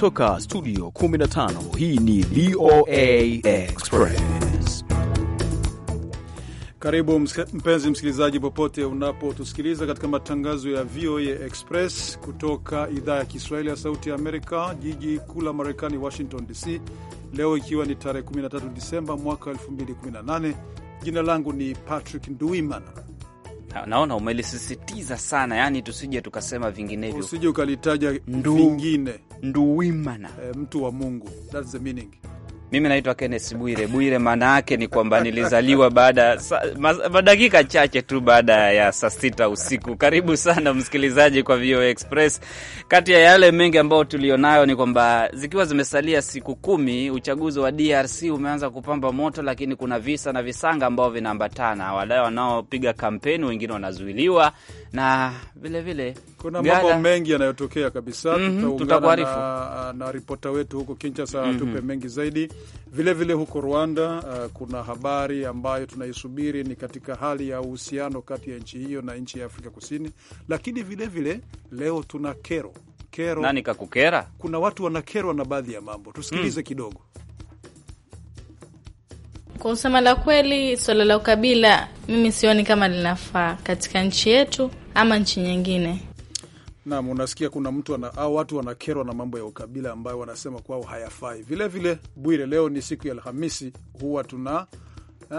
Kutoka studio 15 hii ni VOA Express. Karibu mpenzi msikilizaji, popote unapotusikiliza katika matangazo ya VOA Express kutoka idhaa ya Kiswahili ya Sauti ya Amerika, jiji kuu la Marekani, Washington DC. Leo ikiwa ni tarehe 13 Disemba mwaka 2018, jina langu ni Patrick Nduimana naona umelisisitiza sana, yani tusije tukasema vinginevyo, usije ukalitaja vingine. Nduwimana, e, mtu wa Mungu, that's the meaning mimi naitwa kennes Bwire. Bwire maana yake ni kwamba nilizaliwa baada dakika chache tu baada ya saa sita usiku. Karibu sana msikilizaji kwa VOA Express. Kati ya yale mengi ambayo tulionayo ni kwamba zikiwa zimesalia siku kumi, uchaguzi wa DRC umeanza kupamba moto, lakini kuna visa na visanga ambao vinaambatana. Wadai wanaopiga kampeni wengine wanazuiliwa na vilevile vile, kuna mambo mengi yanayotokea kabisa. Mm -hmm, tutakuarifu na, na ripota wetu huko Kinshasa mhm. atupe mm -hmm, mengi zaidi Vilevile vile huko Rwanda uh, kuna habari ambayo tunaisubiri ni katika hali ya uhusiano kati ya nchi hiyo na nchi ya Afrika Kusini, lakini vilevile vile, leo tuna kero kero. Nani kakukera? Kuna watu wanakerwa na baadhi ya mambo, tusikilize mm, kidogo. Kwa usema la kweli, swala la ukabila mimi sioni kama linafaa katika nchi yetu ama nchi nyingine Naam, unasikia kuna mtu ana, au watu wanakerwa na mambo ya ukabila ambayo wanasema kwao hayafai. Vilevile Bwire, leo ni siku ya Alhamisi, huwa tuna Ha?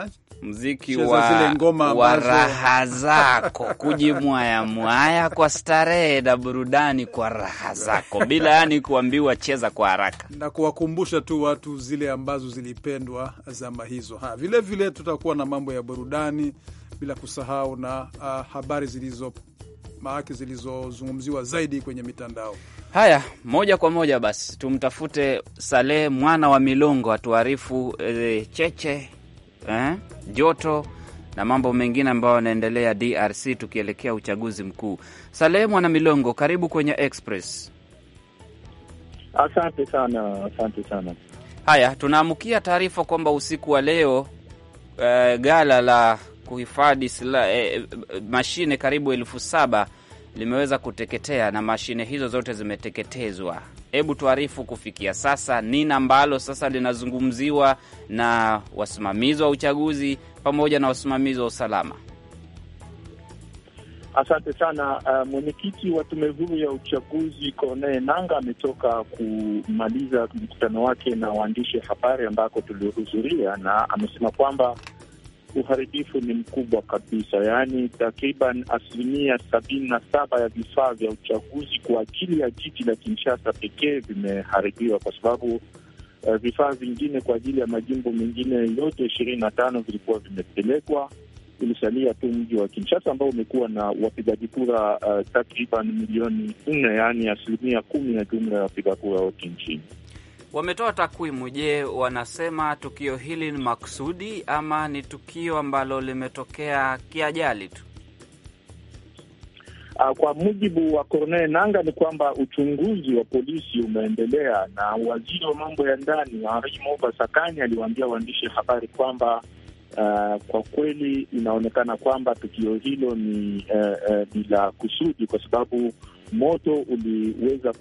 Eh, mziki wa, wa raha zako kujimwaya mwaya kwa starehe na burudani kwa raha zako bila yani kuambiwa cheza kwa haraka na kuwakumbusha tu watu zile ambazo zilipendwa zama hizo. Vilevile tutakuwa na mambo ya burudani bila kusahau na uh, habari zilizo maaki zilizozungumziwa zaidi kwenye mitandao. Haya, moja kwa moja basi tumtafute Saleh mwana wa Milongo atuarifu e, cheche eh, joto na mambo mengine ambayo yanaendelea DRC tukielekea uchaguzi mkuu. Saleh mwana Milongo, karibu kwenye Express. Asante sana, asante sana. Haya, tunaamkia taarifa kwamba usiku wa leo e, gala la kuhifadhi e, mashine karibu elfu saba limeweza kuteketea na mashine hizo zote zimeteketezwa. Hebu tuarifu kufikia sasa nini ambalo sasa linazungumziwa na wasimamizi wa uchaguzi pamoja na wasimamizi wa usalama. Asante sana. Uh, mwenyekiti wa tume huru ya uchaguzi Kone nanga ametoka kumaliza mkutano wake na waandishi habari ambako tulihudhuria, na amesema kwamba uharibifu ni mkubwa kabisa, yaani takriban asilimia sabini na saba ya vifaa vya uchaguzi kwa ajili ya jiji la Kinshasa pekee vimeharibiwa, kwa sababu uh, vifaa vingine kwa ajili ya majimbo mengine yote ishirini na tano vilikuwa vimepelekwa. Ilisalia tu mji wa Kinshasa ambao umekuwa na wapigaji kura uh, takriban milioni nne, yaani asilimia kumi ya jumla ya wapiga kura wote nchini wametoa takwimu. Je, wanasema tukio hili ni makusudi ama ni tukio ambalo limetokea kiajali tu? Ah, kwa mujibu wa Corneille Nanga ni kwamba uchunguzi wa polisi umeendelea, na waziri wa mambo ya ndani Henri Moba Sakanya aliwaambia waandishi habari kwamba uh, kwa kweli inaonekana kwamba tukio hilo ni uh, uh, ni la kusudi, kwa sababu moto uliweza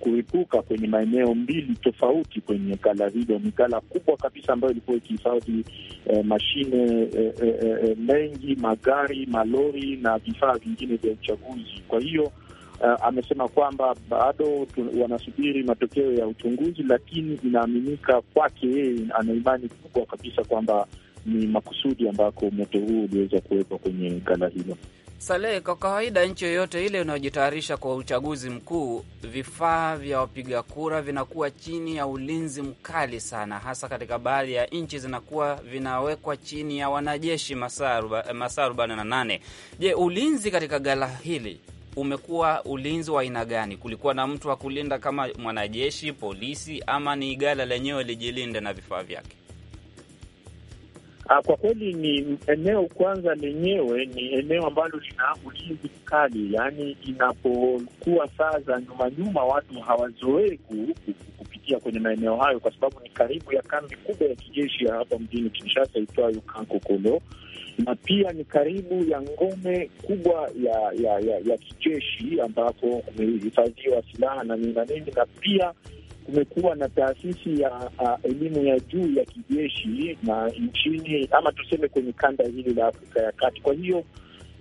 kuripuka kwenye maeneo mbili tofauti kwenye ghala hilo. Ni gala kubwa kabisa ambayo ilikuwa ikihifadhi eh, mashine eh, eh, eh, eh mengi, magari, malori na vifaa vingine vya uchaguzi. Kwa hiyo Uh, amesema kwamba bado wanasubiri matokeo ya uchunguzi, lakini inaaminika kwake yeye, ana imani kubwa kabisa kwamba ni makusudi ambako moto huu uliweza kuwekwa kwenye ghala hilo. Salehe, kwa kawaida nchi yoyote ile inayojitayarisha kwa uchaguzi mkuu, vifaa vya wapiga kura vinakuwa chini ya ulinzi mkali sana, hasa katika baadhi ya nchi zinakuwa vinawekwa chini ya wanajeshi masaa 48. Je, ulinzi katika gala hili umekuwa ulinzi wa aina gani? Kulikuwa na mtu wa kulinda kama mwanajeshi, polisi, ama ni gala lenyewe lijilinde na vifaa vyake? Ah, kwa kweli ni eneo kwanza, lenyewe ni eneo ambalo lina ulinzi mkali, yaani inapokuwa saa za nyuma nyuma watu hawazoei kupitia kwenye maeneo hayo, kwa sababu ni karibu ya kambi kubwa ya kijeshi ya hapa mjini Kinshasa itwayo Kankokolo, na pia ni karibu ya ngome kubwa ya ya ya, ya kijeshi ambapo kumehifadhiwa silaha na nini na nini, na pia kumekuwa na taasisi ya elimu ya juu ya kijeshi na nchini ama tuseme kwenye kanda hili la Afrika ya Kati. Kwa hiyo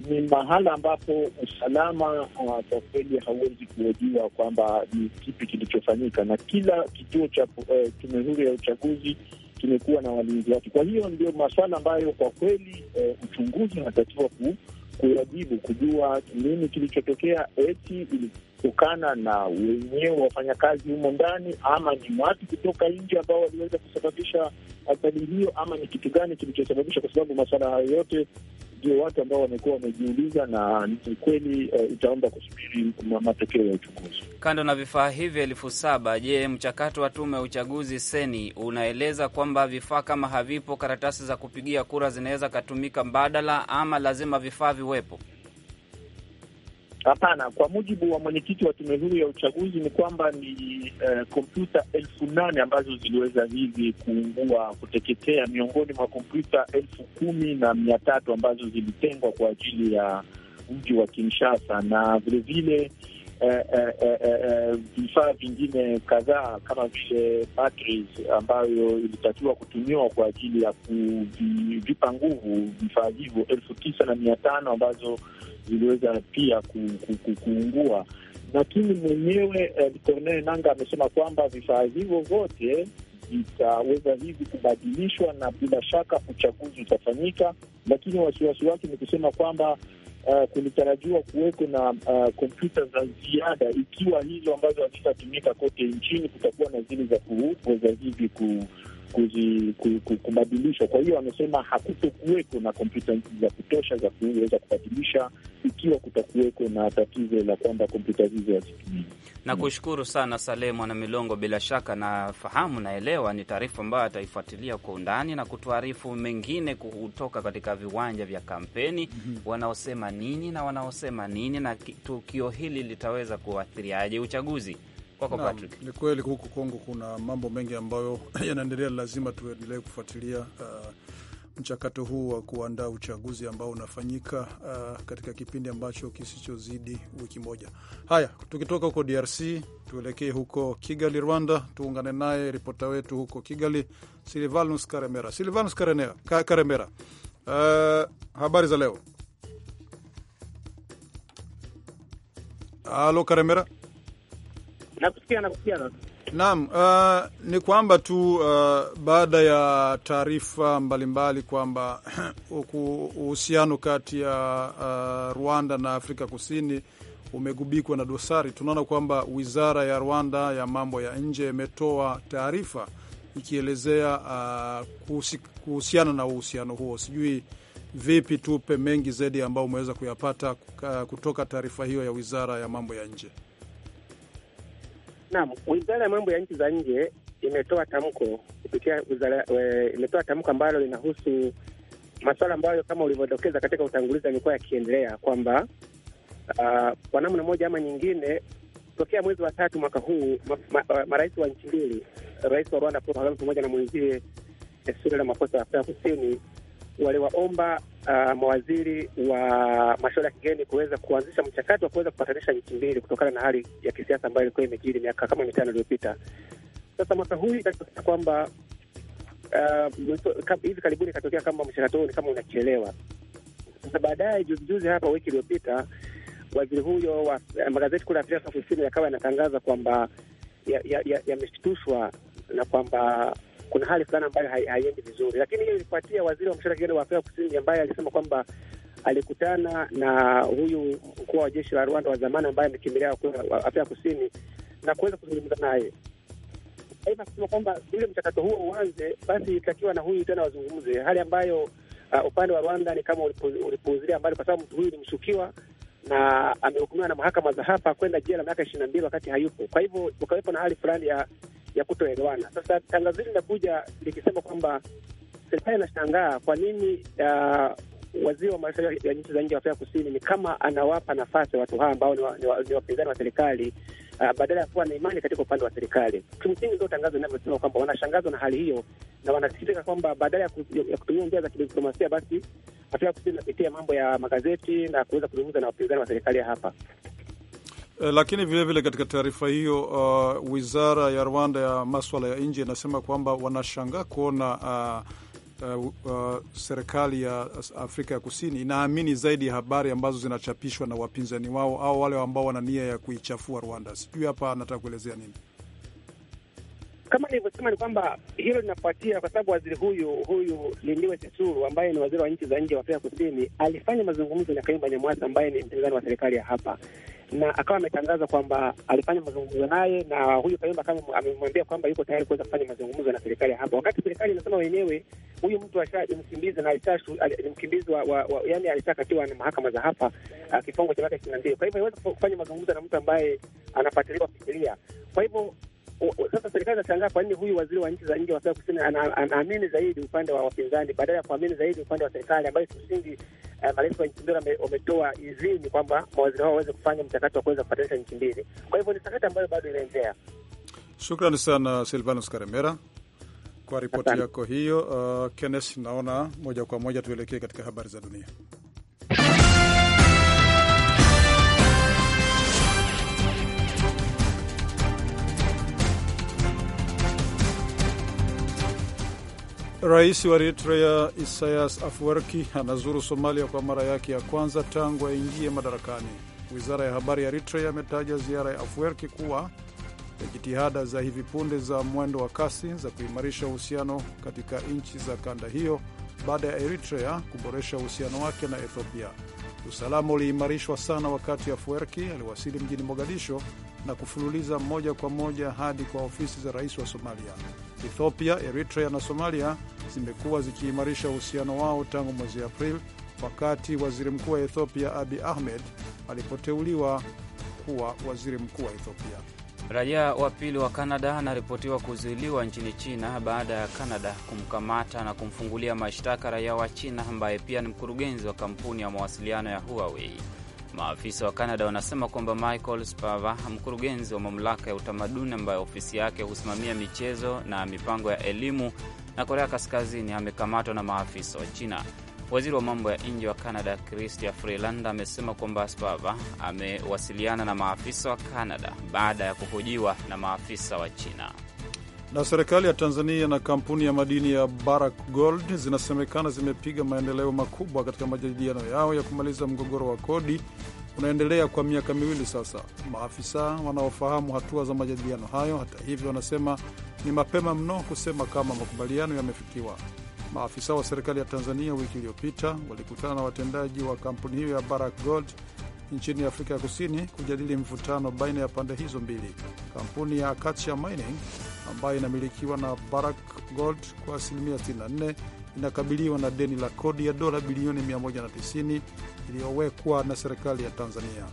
ni mahala ambapo usalama kwa kweli hauwezi kuhojiwa kwamba ni kipi kilichofanyika, na kila kituo cha eh, tume huru ya uchaguzi kimekuwa na walinzi wake. Kwa hiyo ndio masuala ambayo kwa kweli eh, uchunguzi unatakiwa ku kuwajibu kujua nini kilichotokea, eti ilitokana na wenyewe wafanyakazi humo ndani, ama ni watu kutoka nje ambao waliweza kusababisha ajali hiyo, ama ni kitu gani kilichosababisha, kwa sababu masuala hayo yote ndio watu ambao wamekuwa wamejiuliza, na ni kweli uh, eh, itaomba kusubiri matokeo ya uchunguzi. Kando na vifaa hivi elfu saba, je, mchakato wa tume ya uchaguzi seni unaeleza kwamba vifaa kama havipo, karatasi za kupigia kura zinaweza katumika mbadala, ama lazima vifaa viwepo? Hapana, kwa mujibu wa mwenyekiti wa tume huru ya uchaguzi ni kwamba ni eh, kompyuta uh, elfu nane ambazo ziliweza hivi kuungua kuteketea, miongoni mwa kompyuta elfu kumi na mia tatu ambazo zilitengwa kwa ajili ya mji wa Kinshasa na vilevile vile, Eh, eh, eh, vifaa vingine kadhaa kama vile batteries ambayo ilitakiwa kutumiwa kwa ajili ya kuvipa nguvu vifaa hivyo elfu tisa na mia tano ambazo ziliweza pia kuungua. Lakini mwenyewe eh, nanga amesema kwamba vifaa hivyo vyote vitaweza hivi kubadilishwa na bila shaka uchaguzi utafanyika, lakini wasiwasi wake ni kusema kwamba uh, kulitarajiwa kuweko na eh, kompyuta za ziada, ikiwa hizo ambazo hazitatumika kote nchini, kutakuwa na zile za za hivi ku kubadilishwa. Kwa hiyo amesema hakutokuweko na kompyuta za kutosha za kuweza kubadilisha ikiwa kutakuweko na tatizo la kwamba kompyuta hizo hazitumii. Na kushukuru sana Saleh Mwana Milongo, bila shaka nafahamu, naelewa ni taarifa ambayo ataifuatilia kwa undani na kutuarifu mengine kutoka katika viwanja vya kampeni, mhm. wanaosema nini na wanaosema nini, na tukio hili litaweza kuathiriaje uchaguzi kwako Patrick. Ni kweli huku Kongo kuna mambo mengi ambayo yanaendelea, lazima tuendelee kufuatilia uh, mchakato huu wa kuandaa uchaguzi ambao unafanyika uh, katika kipindi ambacho kisichozidi wiki moja. Haya, tukitoka huko DRC tuelekee huko Kigali, Rwanda. Tuungane naye ripota wetu huko Kigali, Silvanus Karemera. Silvanus Karemera, uh, habari za leo? Halo Karemera. Nakusikia, nakusikia. Naam, uh, ni kwamba tu uh, baada ya taarifa mbalimbali kwamba uhusiano kati ya uh, Rwanda na Afrika Kusini umegubikwa na dosari, tunaona kwamba wizara ya Rwanda ya mambo ya nje imetoa taarifa ikielezea uh, kuhusiana na uhusiano huo. Sijui vipi, tupe mengi zaidi ambayo umeweza kuyapata uh, kutoka taarifa hiyo ya wizara ya mambo ya nje. Naam, wizara ya mambo ya nchi za nje imetoa tamko kupitia wizara, eh, imetoa tamko ambalo linahusu masuala ambayo kama ulivyodokeza katika utangulizi yamekuwa yakiendelea kwamba uh, namna moja ama nyingine tokea mwezi wa tatu mwaka huu marais ma, ma, wa nchi mbili, rais wa Rwanda Paul Kagame pamoja na mwenzie Cyril Ramaphosa wa Afrika Kusini waliwaomba uh, mawaziri wa mashauri ya kigeni kuweza kuanzisha mchakato wa kuweza kupatanisha nchi mbili kutokana na hali ya kisiasa ambayo ilikuwa imejiri miaka kama mitano iliyopita. Sasa mwaka huu ikatokea kwamba uh, hivi karibuni ikatokea kwamba mchakato huu ni kama unachelewa. Sasa baadaye juzijuzi hapa wiki iliyopita waziri huyo wa eh, magazeti kule Afrika Kusini yakawa yanatangaza kwamba yameshtushwa ya, ya, ya na kwamba kuna hali fulani ambayo haiendi vizuri, lakini hiyo ilifuatia waziri wa mashauri ya kigeni wa Afrika Kusini ambaye alisema kwamba alikutana na huyu mkuu wa jeshi la Rwanda wa zamani ambaye amekimbilia Afrika Kusini na kuweza kuzungumza naye aidha kusema kwamba ule mchakato huo uanze basi, itakiwa na huyu tena wazungumze, hali ambayo uh, upande wa Rwanda ni kama ulipuuzilia mbali, kwa sababu mtu huyu ni mshukiwa na amehukumiwa na mahakama za hapa kwenda jela miaka ishirini na mbili wakati hayupo. Kwa hivyo ukawepo na hali fulani ya ya kutoelewana. Sasa tangazo hili linakuja likisema kwamba serikali inashangaa kwa nini uh, waziri wa mashauri ya nchi za nje wa Afrika Kusini ni kama anawapa nafasi watu hawa ambao ni wapinzani wa serikali uh, badala ya kuwa na imani katika upande wa serikali. Kimsingi ndio tangazo linavyosema kwamba wanashangazwa na hali hiyo na wanasikitika kwamba badala ya, ya kutumia njia za kidiplomasia basi Afrika Kusini inapitia mambo ya magazeti na kuweza kuzungumza na wapinzani wa serikali ya hapa. Eh, lakini vilevile vile katika taarifa hiyo uh, wizara ya Rwanda ya maswala ya nje inasema kwamba wanashangaa kuona uh, uh, uh, serikali ya Afrika ya Kusini inaamini zaidi ya habari ambazo zinachapishwa na wapinzani wao au wale ambao wana nia ya kuichafua Rwanda. Sijui hapa anataka kuelezea nini. Kama nilivyosema ni kwamba hilo linafuatia kwa sababu waziri huyu huyu Lindiwe Sisulu ambaye ni waziri wa nchi za nje wa Afrika Kusini alifanya mazungumzo na Kayumba Nyamwasa ambaye ni mpinzani wa serikali ya hapa na akawa ametangaza kwamba alifanya mazungumzo naye na huyu Kayumba kama amemwambia kwamba yuko tayari kuweza kufanya mazungumzo na serikali hapa, wakati serikali inasema wenyewe huyu mtu ni mkimbizi na ni mkimbizi wa, wa, wa, yani alishakatiwa na mahakama za hapa ah, kifungo cha miaka ishirini na mbili. Kwa hivyo haiwezi kufanya mazungumzo na mtu ambaye anafuatiliwa kufikiria. Kwa hivyo sasa serikali inashangaa kwa nini huyu waziri wa nchi za nje wa Afrika Kusini anaamini zaidi upande wa wapinzani badala ya kuamini zaidi upande wa serikali ambayo kimsingi eh, marais wa nchi mbili wametoa idhini kwamba mawaziri hao waweze kufanya mchakato wa kuweza kupatanisha nchi mbili. Kwa hivyo ni sakata ambayo bado inaendelea. Shukrani sana Silvanus Karemera kwa ripoti yako hiyo. Uh, Kennes, naona moja kwa moja tuelekee katika habari za dunia. Rais wa Eritrea Isaias Afwerki anazuru Somalia kwa mara yake ya kwanza tangu aingie madarakani. Wizara ya habari ya Eritrea ametaja ziara ya Afwerki kuwa ya jitihada za hivi punde za mwendo wa kasi za kuimarisha uhusiano katika nchi za kanda hiyo baada ya Eritrea kuboresha uhusiano wake na Ethiopia. Usalama uliimarishwa sana wakati Afwerki aliwasili mjini Mogadisho na kufululiza moja kwa moja hadi kwa ofisi za rais wa Somalia. Ethiopia, Eritrea na Somalia zimekuwa zikiimarisha uhusiano wao tangu mwezi Aprili wakati waziri mkuu wa Ethiopia Abi Ahmed alipoteuliwa kuwa waziri mkuu wa Ethiopia. Raia wa pili wa Kanada anaripotiwa kuzuiliwa nchini China baada ya Kanada kumkamata na kumfungulia mashtaka raia wa China ambaye pia ni mkurugenzi wa kampuni ya mawasiliano ya Huawei. Maafisa wa Kanada wanasema kwamba Michael Spava, mkurugenzi wa mamlaka ya utamaduni ambayo ofisi yake husimamia michezo na mipango ya elimu na Korea Kaskazini amekamatwa na maafisa wa China. Waziri wa mambo ya nje wa Canada Chrystia Freeland amesema kwamba Spava amewasiliana na maafisa wa Canada baada ya kuhojiwa na maafisa wa China. Na serikali ya Tanzania na kampuni ya madini ya Barrick Gold zinasemekana zimepiga maendeleo makubwa katika majadiliano yao ya kumaliza mgogoro wa kodi unaendelea kwa miaka miwili sasa. Maafisa wanaofahamu hatua za majadiliano hayo, hata hivyo, wanasema ni mapema mno kusema kama makubaliano yamefikiwa. Maafisa wa serikali ya Tanzania wiki iliyopita walikutana na watendaji wa kampuni hiyo ya Barrick Gold nchini Afrika ya Kusini kujadili mvutano baina ya pande hizo mbili. Kampuni ya Acacia Mining ambayo inamilikiwa na Barrick Gold kwa asilimia 64 inakabiliwa na deni la kodi ya dola bilioni 190 iliyowekwa na serikali ya Tanzania.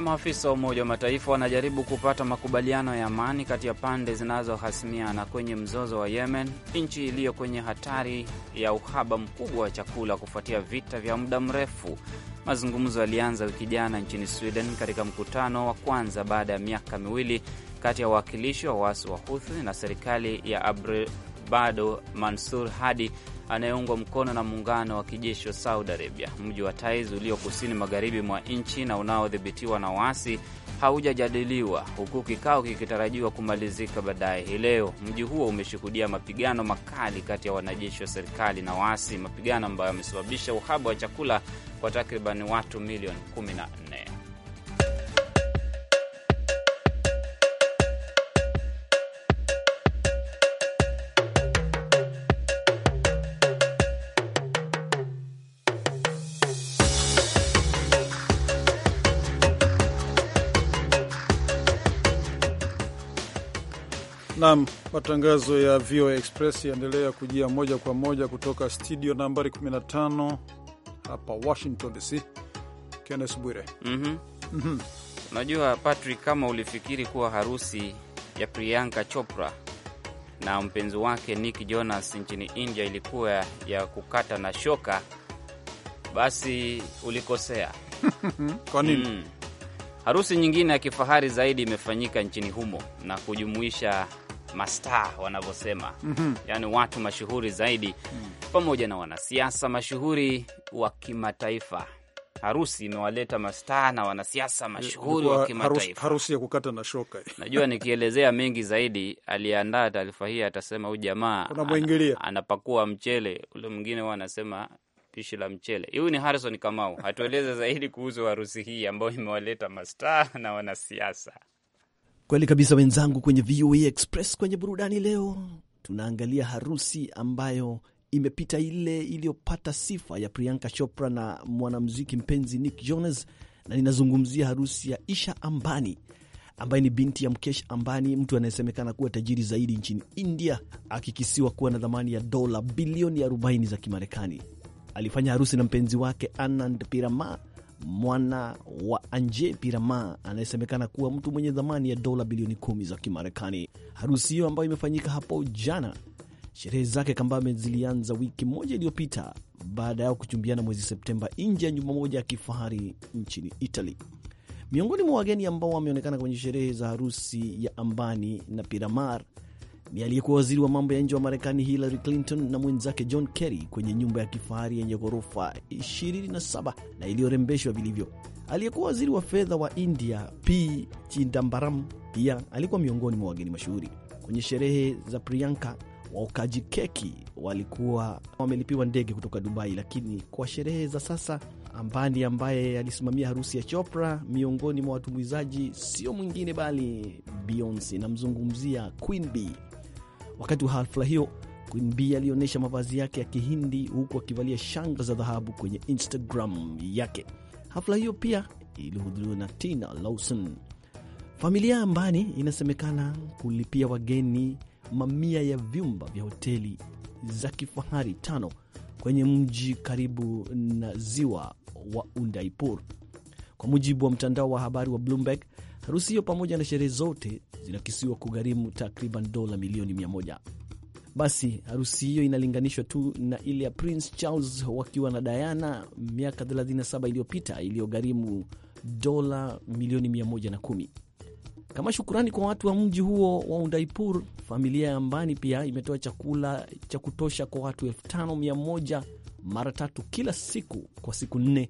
Maafisa wa Umoja wa Mataifa wanajaribu kupata makubaliano ya amani kati ya pande zinazohasimiana kwenye mzozo wa Yemen, nchi iliyo kwenye hatari ya uhaba mkubwa wa chakula kufuatia vita vya muda mrefu. Mazungumzo yalianza wiki jana nchini Sweden katika mkutano wa kwanza baada ya miaka miwili kati ya wawakilishi wa waasi wa Huthi na serikali ya Abre bado Mansur Hadi anayeungwa mkono na muungano wa kijeshi wa Saudi Arabia. Mji wa Taiz ulio kusini magharibi mwa nchi na unaodhibitiwa na waasi haujajadiliwa huku kikao kikitarajiwa kumalizika baadaye hii leo. Mji huo umeshuhudia mapigano makali kati ya wanajeshi wa serikali na waasi, mapigano ambayo yamesababisha uhaba wa chakula kwa takriban watu milioni 14. Nam, matangazo ya VOA Express yaendelea kujia moja kwa moja kutoka studio nambari 15 hapa Washington DC. Kennes Bwire, mm -hmm. Unajua Patrick, kama ulifikiri kuwa harusi ya Priyanka Chopra na mpenzi wake Nick Jonas nchini India ilikuwa ya kukata na shoka, basi ulikosea. Kwa nini? Mm. Harusi nyingine ya kifahari zaidi imefanyika nchini humo na kujumuisha mastaa wanavyosema, mm -hmm. yaani watu mashuhuri zaidi mm -hmm. pamoja na wanasiasa mashuhuri wa kimataifa. Harusi imewaleta mastaa na wanasiasa mashuhuri wa kimataifa, harusi ya kukata na shoka. Najua nikielezea mengi zaidi, aliandaa taarifa hii atasema huyu jamaa ana, anapakua mchele ule mwingine, huwa anasema pishi la mchele. Huyu ni Harrison Kamau, hatueleze zaidi kuhusu harusi hii ambayo imewaleta mastaa na wanasiasa. Kweli kabisa, wenzangu, kwenye VOA Express kwenye burudani leo tunaangalia harusi ambayo imepita ile iliyopata sifa ya Priyanka Chopra na mwanamuziki mpenzi Nick Jonas, na ninazungumzia harusi ya Isha Ambani ambaye ni binti ya Mkesh Ambani, mtu anayesemekana kuwa tajiri zaidi nchini India, akikisiwa kuwa na thamani ya dola bilioni 40 za Kimarekani. Alifanya harusi na mpenzi wake Anand Piramal mwana wa Anje Pirama anayesemekana kuwa mtu mwenye dhamani ya dola bilioni kumi za Kimarekani. Harusi hiyo ambayo imefanyika hapo jana, sherehe zake kambame zilianza wiki moja iliyopita baada yao kuchumbiana mwezi Septemba nje ya nyumba moja ya kifahari nchini Italy. Miongoni mwa wageni ambao wameonekana kwenye sherehe za harusi ya Ambani na Piramar ni aliyekuwa waziri wa mambo ya nje wa Marekani Hillary Clinton na mwenzake John Kerry kwenye nyumba ya kifahari yenye ghorofa 27 na iliyorembeshwa vilivyo. Aliyekuwa waziri wa fedha wa India P Chidambaram pia alikuwa miongoni mwa wageni mashuhuri kwenye sherehe za Priyanka. Waokaji keki walikuwa wamelipiwa ndege kutoka Dubai, lakini kwa sherehe za sasa, Ambani ambaye alisimamia harusi ya Chopra miongoni mwa watumbuizaji sio mwingine bali Beyonce. Namzungumzia Queen Wakati wa hafla hiyo, Queen B alionyesha mavazi yake ya Kihindi huku akivalia shanga za dhahabu kwenye Instagram yake. Hafla hiyo pia ilihudhuriwa na Tina Lawson. Familia ya Ambani inasemekana kulipia wageni mamia ya vyumba vya hoteli za kifahari tano kwenye mji karibu na ziwa wa Udaipur, kwa mujibu wa mtandao wa habari wa Bloomberg. Harusi hiyo pamoja na sherehe zote zinakisiwa kugharimu takriban dola milioni mia moja. Basi harusi hiyo inalinganishwa tu na ile ya Prince Charles wakiwa na Diana miaka 37 iliyopita iliyogharimu dola milioni 110. Kama shukurani kwa watu wa mji huo wa Udaipur, familia ya Ambani pia imetoa chakula cha kutosha kwa watu 5100 mara tatu kila siku kwa siku nne,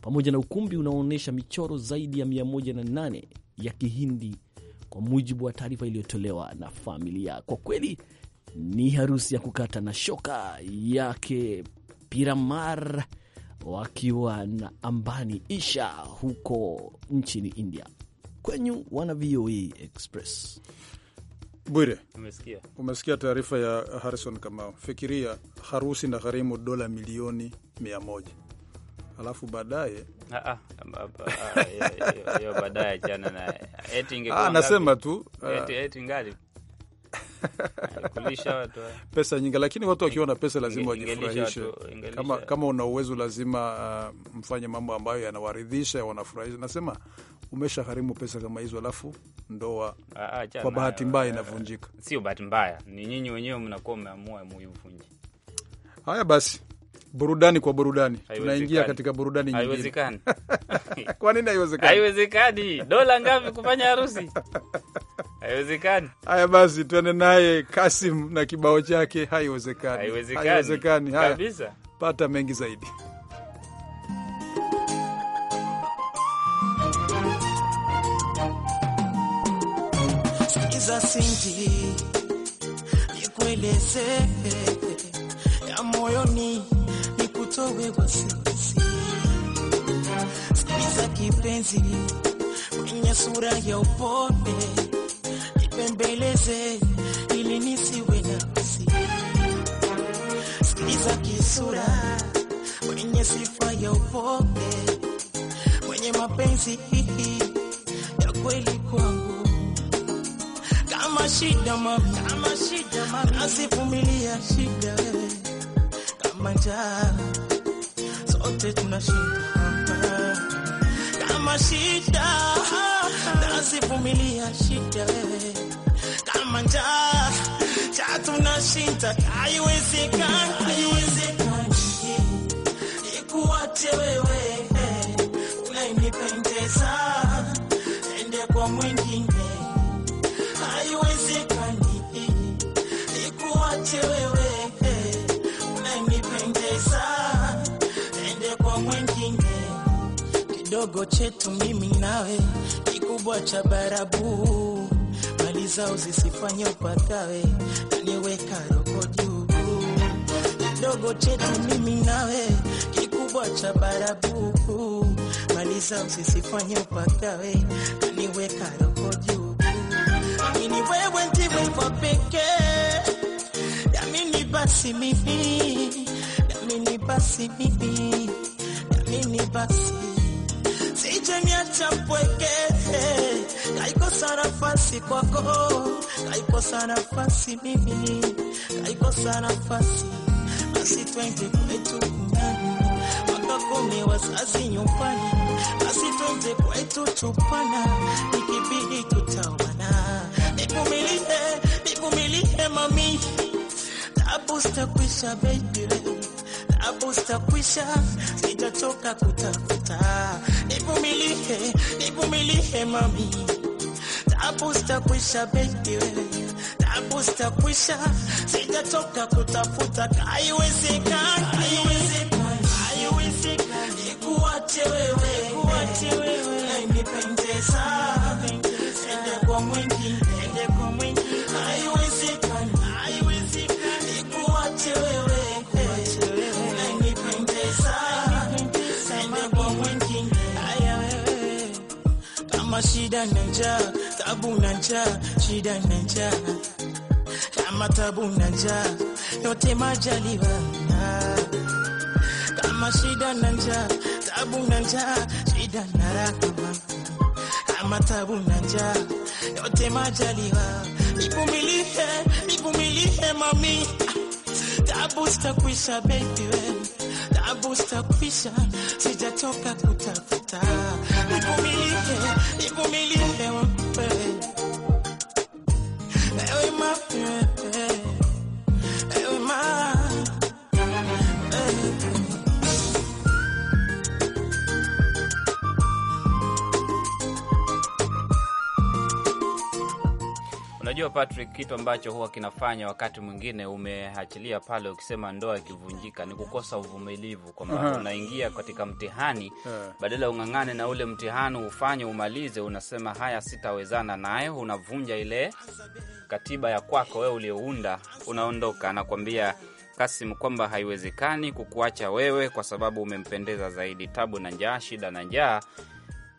pamoja na ukumbi unaoonyesha michoro zaidi ya 108 ya Kihindi kwa mujibu wa taarifa iliyotolewa na familia. Kwa kweli ni harusi ya kukata na shoka yake Piramar wakiwa na Ambani Isha huko nchini India. Kwenyu wana VOA e Express. Bwire, umesikia, taarifa ya Harrison Kamau. Fikiria harusi na gharimu dola milioni mia moja alafu baadaye ah, ah, ah, baadaye anasema tu pesa nyingi, lakini watu wakiwa na pesa lazima wajifurahishe. Kama, kama una uwezo lazima uh, mfanye mambo ambayo yanawaridhisha, wanafurahisha. Nasema umesha gharimu pesa kama hizo, alafu ndoa kwa bahati mbaya eh, inavunjika. Sio bahati mbaya, ni nyinyi wenyewe mnakuwa mmeamua muivunje. Haya basi burudani kwa burudani, tunaingia katika burudani nyingine. Kwa nini haiwezekani? Haiwezekani. Dola ngapi kufanya harusi? Haiwezekani. Haya basi, tuende naye Kasim na kibao chake haiwezekani. Haiwezekani. Kabisa. Pata mengi zaidi. Sikiza sindi nikueleze ya moyoni moto utowe wasiwasi. Sikiliza kipenzi, kutumia sura ya upole, nipembeleze ili nisiwe na wasi. Sikiliza kisura mwenye sifa ya upole, mwenye mapenzi ya kweli kwangu kama shida mami, kama shida mami, nasivumilia shida kama njaa wote tunashinda kama shida nazivumilia shida kama njaa cha tunashinda haiwezekani chetu mimi nawe kikubwa cha barabu, mali zao zisifanye upatawe, naniweka roho juu. Kidogo chetu mimi nawe kikubwa cha barabu, mali zao zisifanye upatawe, naniweka roho juu. Mimi wewe ndiwe pekee, na mimi basi mimi, na mimi basi mimi, na mimi basi Nilijemiacha mpweke, kaikosa nafasi kwako, kaikosa nafasi mimi, kaikosa nafasi basi, twende kwetu kunani, mwaka wazazi nyumbani, basi twende kwetu chupana, ikibidi tutaoana, nikumilie nikumilie mami, tabu zitakwisha baby tabu zitakwisha, sitatoka kutafuta. Nivumilike, nivumilike mami, tabu zitakwisha bebi wewe, tabu zitakwisha, sitatoka kutafuta. Haiwezekani, haiwezekani, haiwezekani wewe, nikuache wewe, nipendeza, nenda kwa mwingine kama shida na njaa, tabu na njaa, shida na njaa kama tabu na njaa, yote majaliwa kama shida na njaa, tabu na njaa, shida na raha kama tabu na njaa, yote majaliwa, nivumilie, nivumilie mami, tabu sitakwisha, baby we tabu sitakwisha, sijatoka kutafuta million. Patrick, kitu ambacho huwa kinafanya wakati mwingine umeachilia pale, ukisema ndoa ikivunjika ni kukosa uvumilivu, kwamba uh -huh. unaingia katika mtihani uh -huh. badala ung'ang'ane na ule mtihani ufanye umalize, unasema haya, sitawezana naye, unavunja ile katiba ya kwako wewe uliounda, unaondoka. Anakuambia Kasim kwamba haiwezekani kukuacha wewe kwa sababu umempendeza zaidi. Tabu na njaa, shida na njaa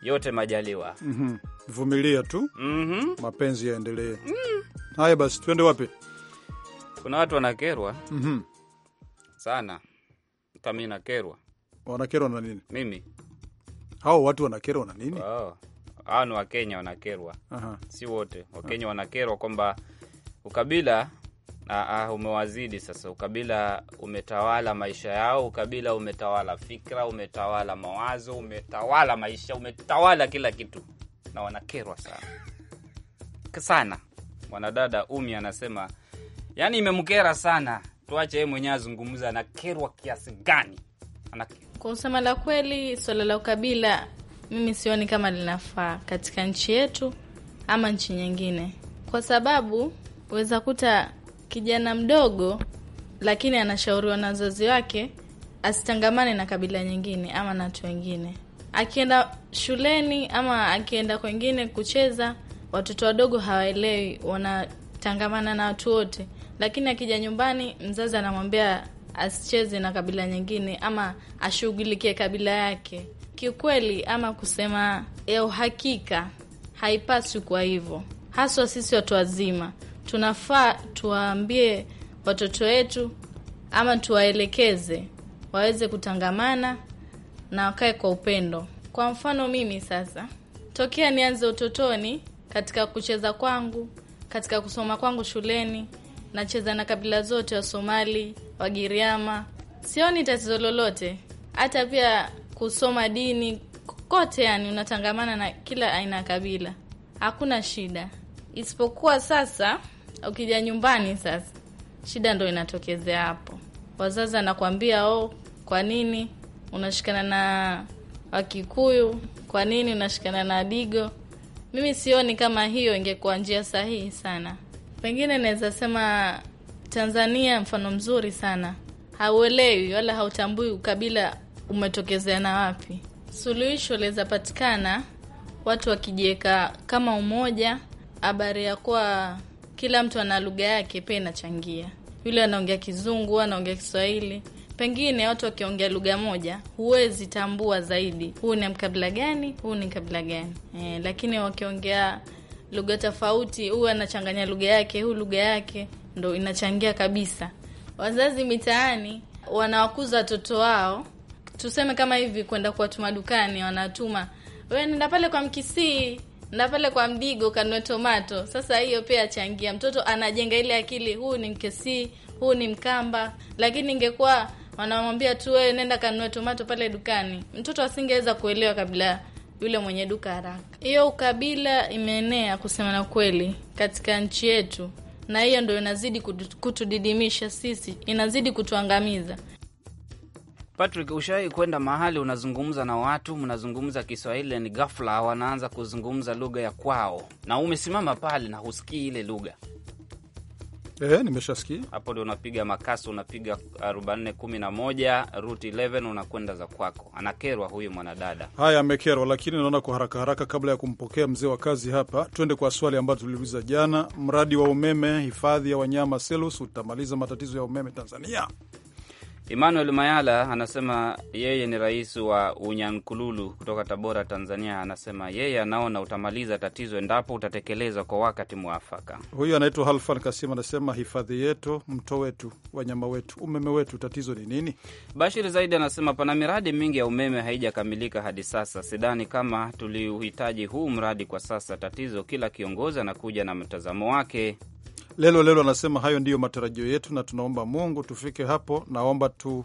yote majaliwa. mm -hmm. Vumilia tu mm -hmm. mapenzi yaendelee. mm -hmm. Haya basi, tuende wapi? Kuna watu wanakerwa mm -hmm. sana. Hata mi nakerwa. Wanakerwa na nini? Mimi hao watu wanakerwa na nini? Oh. Hawa ni Wakenya wanakerwa, si wote Wakenya wanakerwa kwamba ukabila Aa, ah, ah, umewazidi sasa. Ukabila umetawala maisha yao, ukabila umetawala fikra, umetawala mawazo, umetawala maisha, umetawala kila kitu, na wanakerwa sana sana. Mwanadada Umi anasema yani imemkera sana, tuache yeye mwenyewe azungumza, anakerwa kiasi gani. Kwa kusema la kweli, swala la ukabila mimi sioni kama linafaa katika nchi yetu ama nchi nyingine, kwa sababu weza kuta Kijana mdogo lakini anashauriwa na wazazi wake asitangamane na kabila nyingine ama na watu wengine. Akienda shuleni ama akienda kwengine kucheza, watoto wadogo hawaelewi, wanatangamana na watu wote, lakini akija nyumbani, mzazi anamwambia asicheze na kabila nyingine ama ashughulikie kabila yake. Kiukweli ama kusema ya uhakika, haipaswi kwa hivyo, haswa sisi watu wazima tunafaa tuwaambie watoto wetu ama tuwaelekeze waweze kutangamana na wakae kwa upendo. Kwa mfano mimi sasa, tokea nianze utotoni, katika kucheza kwangu, katika kusoma kwangu shuleni, nacheza na kabila zote, Wasomali, Wagiriama, sioni tatizo lolote. Hata pia kusoma dini kote, yani unatangamana na kila aina ya kabila, hakuna shida, isipokuwa sasa Ukija nyumbani sasa, shida ndo inatokezea hapo. Wazazi anakwambia oh, kwa nini unashikana na Wakikuyu? Kwa nini unashikana na Digo? Mimi sioni kama hiyo ingekuwa njia sahihi sana. Pengine naweza sema Tanzania mfano mzuri sana, hauelewi wala hautambui ukabila umetokezea na wapi. Suluhisho laweza patikana watu wakijiweka kama umoja, habari ya kuwa kila mtu ana lugha yake, pia inachangia. Yule anaongea Kizungu, anaongea Kiswahili pengine watu wakiongea lugha moja huwezi tambua zaidi, huu ni mkabila gani, huu ni kabila gani e. Lakini wakiongea lugha tofauti, huyu anachanganya lugha yake, huu lugha yake, ndo inachangia kabisa. Wazazi mitaani wanawakuza watoto wao, tuseme kama hivi, kwenda kuwatuma dukani, wanatuma wewe, nenda pale kwa Mkisii na pale kwa Mdigo kanwe tomato. Sasa hiyo pia achangia, mtoto anajenga ile akili, huu ni Mkesii, huu ni Mkamba. Lakini ingekuwa wanamwambia tu wewe nenda kanunue tomato pale dukani, mtoto asingeweza kuelewa kabla yule mwenye duka haraka. Hiyo ukabila imeenea kusema na kweli katika nchi yetu, na hiyo ndio inazidi kutudidimisha sisi, inazidi kutuangamiza. Patrick, ushawahi kwenda mahali unazungumza na watu, mnazungumza Kiswahili ni ghafla wanaanza kuzungumza lugha ya kwao, na umesimama pale na husikii ile lugha E, nimeshasikia hapo. Ndio unapiga makasi, unapiga arobaini rut 11 unakwenda za kwako. Anakerwa huyu mwanadada. Haya, amekerwa, lakini naona kwa haraka haraka, kabla ya kumpokea mzee wa kazi hapa, twende kwa swali ambalo tuliuliza jana. Mradi wa umeme hifadhi ya wanyama Selous utamaliza matatizo ya umeme Tanzania? Emmanuel Mayala anasema yeye ni rais wa Unyankululu kutoka Tabora, Tanzania. Anasema yeye anaona utamaliza tatizo endapo utatekelezwa kwa wakati mwafaka. Huyu anaitwa Halfan Kasima, anasema hifadhi yetu, mto wetu, wanyama wetu, umeme wetu, tatizo ni nini? Bashir Zaidi anasema pana miradi mingi ya umeme haijakamilika hadi sasa, sidhani kama tuliuhitaji huu mradi kwa sasa. Tatizo kila kiongozi anakuja na mtazamo wake. Lelo Lelo anasema hayo ndiyo matarajio yetu na tunaomba Mungu tufike hapo. Naomba tu uh,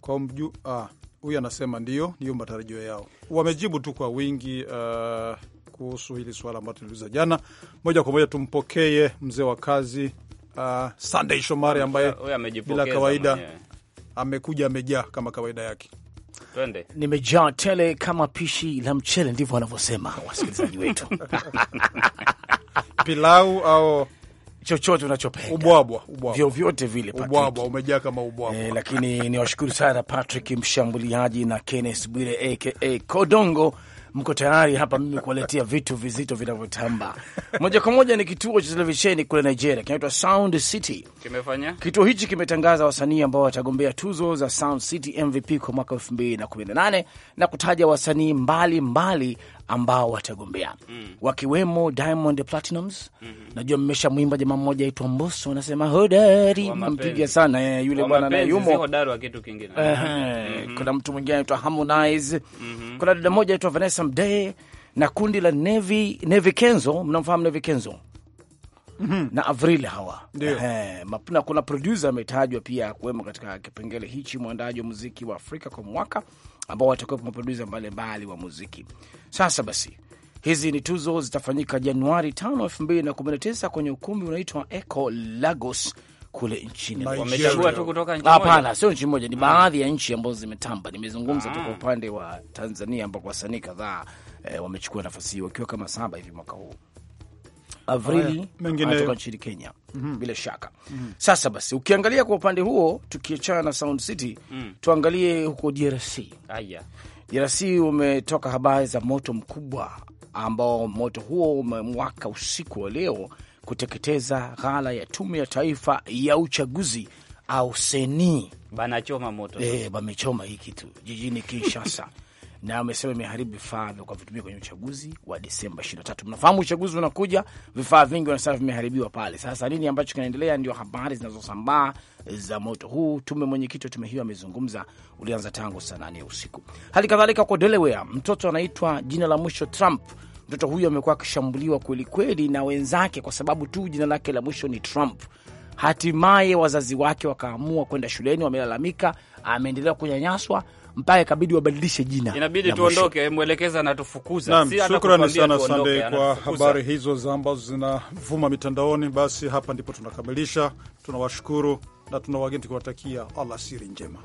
kwa mju ah, huyu anasema ndiyo ndiyo matarajio yao. Wamejibu tu kwa wingi uh, kuhusu hili swala ambayo tuliuliza jana. Moja kwa moja tumpokee mzee wa kazi uh, Sunday Shomari ambaye bila kawaida amekuja amejaa kama kawaida yake nimejaa tele kama pishi la mchele, ndivyo wanavyosema wasikilizaji wetu pilau au chochote unachopenda ubwabwa, ubwabwa, vyovyote vile ubwabwa umejaa kama ubwabwa e, lakini niwashukuru sana Patrick mshambuliaji na Kenneth Bwire aka Kodongo, mko tayari hapa mimi kuwaletea vitu vizito vinavyotamba moja kwa moja. Ni kituo cha televisheni kule Nigeria kinaitwa Sound City kimefanya. Kituo hichi kimetangaza wasanii ambao watagombea tuzo za Sound City MVP kwa mwaka 2018 na kutaja wasanii mbalimbali ambao watagombea mm. wakiwemo Diamond Platinums mm -hmm. Najua mmesha mwimba jamaa mmoja aitwa Mbosso anasema hodari, nampiga sana yule bwana na yumo mm-hmm. Kuna mtu mwingine anaitwa Harmonize mm -hmm. Kuna dada moja aitwa Vanessa Mdee na kundi la Nevi Nevi Kenzo, mnamfahamu Nevi Kenzo? mm -hmm. na Avril hawa yeah. na kuna produsa ametajwa pia kuwemo katika kipengele hichi, mwandaji wa muziki wa Afrika kwa mwaka ambao watakuwepo maprodusa mbalimbali wa muziki. Sasa basi hizi ni tuzo zitafanyika Januari 5, 2019 kwenye ukumbi unaitwa Eco Lagos kule nchini. Wamechagua tu kutoka nchi moja? Hapana, sio nchi moja, ni ah. baadhi ya nchi ambazo zimetamba. Nimezungumza tu ah. kwa upande wa Tanzania ambako wasanii kadhaa eh, wamechukua nafasi hii wakiwa kama saba hivi mwaka huu. Avrili anatoka nchini Kenya. mm -hmm. Bila shaka mm -hmm. Sasa basi ukiangalia kwa upande huo, tukiachana na Sound City mm. tuangalie huko DRC. Aya. DRC umetoka habari za moto mkubwa ambao moto huo umemwaka usiku wa leo kuteketeza ghala ya tume ya taifa ya uchaguzi au seni, banachoma moto eh, bamechoma hii kitu jijini Kinshasa na amesema imeharibu vifaa vya kuvitumia kwenye uchaguzi wa Desemba 23. Mnafahamu uchaguzi unakuja, vifaa vingi wanasema vimeharibiwa pale. Sasa nini ambacho kinaendelea, ndio habari zinazosambaa za moto huu. Tume mwenyekiti wa tume hiyo amezungumza, ulianza tangu saa nane ya usiku. Hali kadhalika kwa Delaware, mtoto anaitwa jina la mwisho Trump. Mtoto huyo amekuwa akishambuliwa kwelikweli na wenzake kwa sababu tu jina lake la mwisho ni Trump. Hatimaye wazazi wake wakaamua kwenda shuleni, wamelalamika, ameendelea kunyanyaswa mpaka ikabidi wabadilishe jina. Inabidi tuondoke, mwelekeza anatufukuza. Si shukrani sana Sande kwa habari hizo za ambazo zinavuma mitandaoni. Basi hapa ndipo tunakamilisha, tunawashukuru na tuna wageni tukiwatakia alasiri njema.